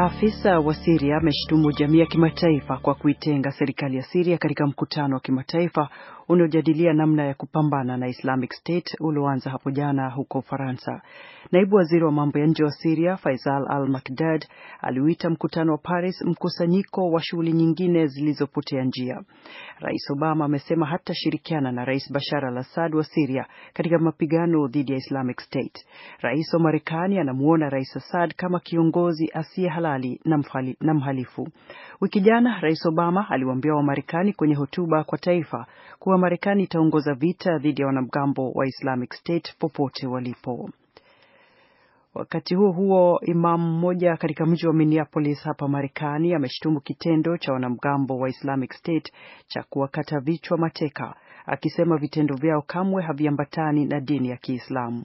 Afisa wa siria ameshtumu jamii ya kimataifa kwa kuitenga serikali ya siria katika mkutano wa kimataifa unaojadilia namna ya kupambana na Islamic State ulioanza hapo jana huko Ufaransa. Naibu waziri wa mambo ya nje wa Siria Faisal Al Makdad aliuita mkutano wa Paris mkusanyiko wa shughuli nyingine zilizopotea njia. Rais Obama amesema hatashirikiana na Rais Bashar al Assad wa Siria katika mapigano dhidi ya Islamic State. Rais wa Marekani anamwona Rais Assad kama kiongozi asiye halali na, mfali, na mhalifu. Wiki jana Rais Obama aliwaambia Wamarekani kwenye hotuba kwa taifa kuwa Marekani itaongoza vita dhidi ya wanamgambo wa Islamic State popote walipo. Wakati huo huo, imamu mmoja katika mji wa Minneapolis hapa Marekani ameshutumu kitendo cha wanamgambo wa Islamic State cha kuwakata vichwa mateka, akisema vitendo vyao kamwe haviambatani na dini ya Kiislamu.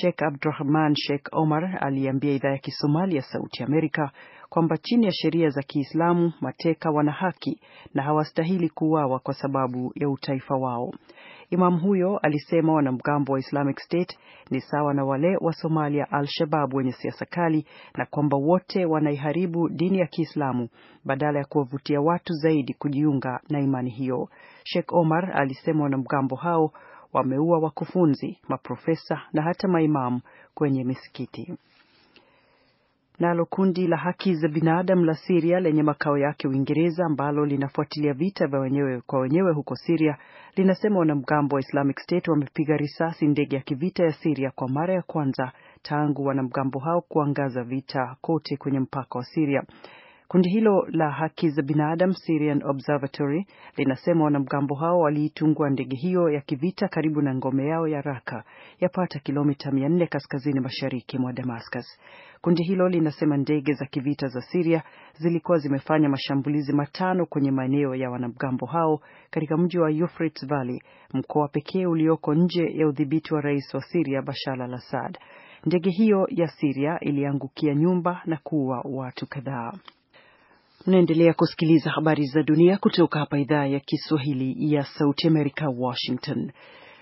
Sheikh Abdurahman Sheikh Omar aliambia idhaa ya Kisomali ya Sauti Amerika kwamba chini ya sheria za Kiislamu mateka wana haki na hawastahili kuuawa kwa sababu ya utaifa wao. Imamu huyo alisema wanamgambo wa Islamic State ni sawa na wale wa Somalia Al-Shabab wenye siasa kali na kwamba wote wanaiharibu dini ya Kiislamu badala ya kuwavutia watu zaidi kujiunga na imani hiyo. Sheikh Omar alisema wanamgambo hao wameua wakufunzi, maprofesa na hata maimamu kwenye misikiti. Nalo kundi la haki za binadamu la Siria lenye makao yake Uingereza, ambalo linafuatilia vita vya wenyewe kwa wenyewe huko Siria, linasema wanamgambo wa Islamic State wamepiga risasi ndege ya kivita ya Siria kwa mara ya kwanza tangu wanamgambo hao kuangaza vita kote kwenye mpaka wa Siria. Kundi hilo la haki za binadamu Syrian Observatory linasema wanamgambo hao waliitungua ndege hiyo ya kivita karibu na ngome yao ya Raka, yapata kilomita 400 kaskazini mashariki mwa Damascus. Kundi hilo linasema ndege za kivita za Siria zilikuwa zimefanya mashambulizi matano kwenye maeneo ya wanamgambo hao katika mji wa Euphrates Valley, mkoa pekee ulioko nje ya udhibiti wa rais wa Siria Bashar al-Assad. Ndege hiyo ya Siria iliangukia nyumba na kuua watu kadhaa. Mnaendelea kusikiliza habari za dunia kutoka hapa idhaa ya Kiswahili ya Sauti Amerika, Washington.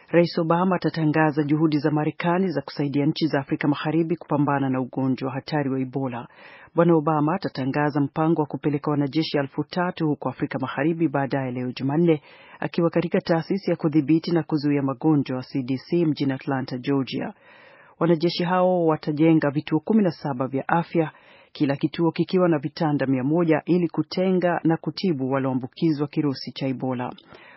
Rais Obama atatangaza juhudi za Marekani za kusaidia nchi za Afrika Magharibi kupambana na ugonjwa hatari wa Ebola. Bwana Obama atatangaza mpango wa kupeleka wanajeshi elfu tatu huko Afrika Magharibi baadaye leo Jumanne, akiwa katika taasisi ya kudhibiti na kuzuia magonjwa CDC mjini Atlanta, Georgia. Wanajeshi hao watajenga vituo 17 vya afya kila kituo kikiwa na vitanda mia moja ili kutenga na kutibu walioambukizwa kirusi cha Ebola.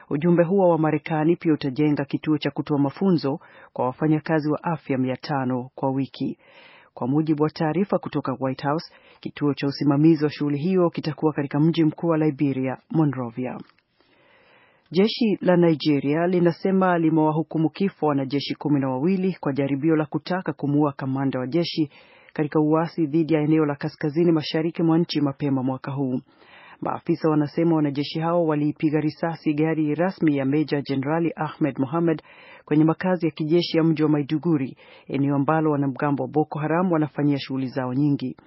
Ujumbe huo wa Marekani pia utajenga kituo cha kutoa mafunzo kwa wafanyakazi wa afya mia tano kwa wiki. Kwa mujibu wa taarifa kutoka White House, kituo cha usimamizi wa shughuli hiyo kitakuwa katika mji mkuu wa Liberia, Monrovia. Jeshi la Nigeria linasema limewahukumu kifo wanajeshi kumi na wawili kwa jaribio la kutaka kumuua kamanda wa jeshi katika uasi dhidi ya eneo la kaskazini mashariki mwa nchi mapema mwaka huu. Maafisa wanasema wanajeshi hao waliipiga risasi gari rasmi ya Meja Jenerali Ahmed Mohamed kwenye makazi ya kijeshi ya mji wa Maiduguri, eneo ambalo wanamgambo wa Boko Haram wanafanyia shughuli zao nyingi.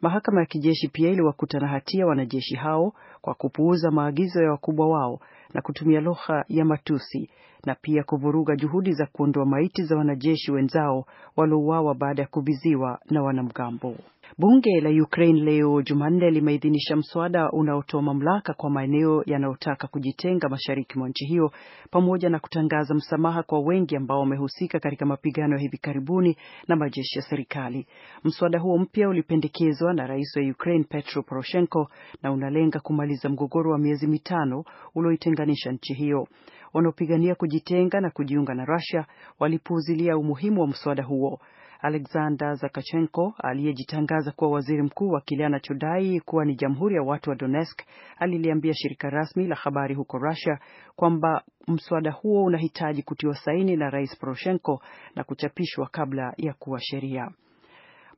Mahakama ya kijeshi pia iliwakuta na hatia wanajeshi hao kwa kupuuza maagizo ya wakubwa wao na kutumia lugha ya matusi na pia kuvuruga juhudi za kuondoa maiti za wanajeshi wenzao waliouawa baada ya kuviziwa na wanamgambo. Bunge la Ukraine leo Jumanne limeidhinisha mswada unaotoa mamlaka kwa maeneo yanayotaka kujitenga mashariki mwa nchi hiyo pamoja na kutangaza msamaha kwa wengi ambao wamehusika katika mapigano ya hivi karibuni na majeshi ya serikali. Mswada huo mpya ulipendekezwa na Rais wa Ukraine Petro Poroshenko na unalenga kumaliza mgogoro wa miezi mitano ulioitenganisha nchi hiyo. Wanaopigania kujitenga na kujiunga na Russia walipuuzilia umuhimu wa mswada huo. Alexander Zakachenko aliyejitangaza kuwa waziri mkuu wa kile anachodai kuwa ni Jamhuri ya Watu wa Donetsk aliliambia shirika rasmi la habari huko Russia kwamba mswada huo unahitaji kutiwa saini na Rais Poroshenko na kuchapishwa kabla ya kuwa sheria.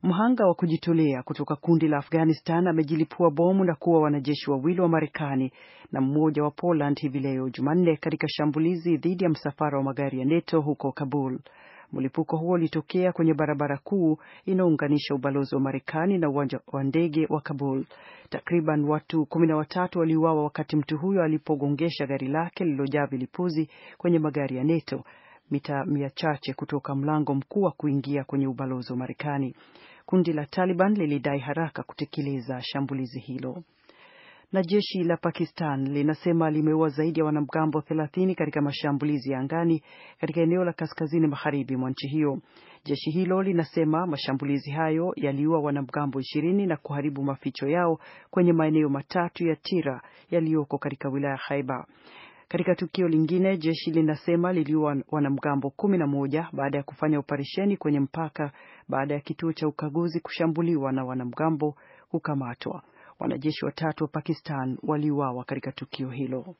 Mhanga wa kujitolea kutoka kundi la Afghanistan amejilipua bomu na kuwa wanajeshi wawili wa Marekani na mmoja wa Poland hivi leo Jumanne katika shambulizi dhidi ya msafara wa magari ya NATO huko Kabul. Mlipuko huo ulitokea kwenye barabara kuu inaounganisha ubalozi wa Marekani na uwanja wa ndege wa Kabul. Takriban watu kumi na watatu waliuawa wakati mtu huyo alipogongesha gari lake lililojaa vilipuzi kwenye magari ya NATO mita mia chache kutoka mlango mkuu wa kuingia kwenye ubalozi wa Marekani. Kundi la Taliban lilidai haraka kutekeleza shambulizi hilo na jeshi la Pakistan linasema limeua zaidi ya wanamgambo 30 katika mashambulizi ya angani katika eneo la kaskazini magharibi mwa nchi hiyo. Jeshi hilo linasema mashambulizi hayo yaliua wanamgambo 20 na kuharibu maficho yao kwenye maeneo matatu ya Tira yaliyoko katika wilaya Khaiba. Katika tukio lingine, jeshi linasema liliua wanamgambo kumi moja baada ya kufanya operesheni kwenye mpaka baada ya kituo cha ukaguzi kushambuliwa na wanamgambo kukamatwa. Wanajeshi watatu wa Pakistan waliuawa katika tukio hilo.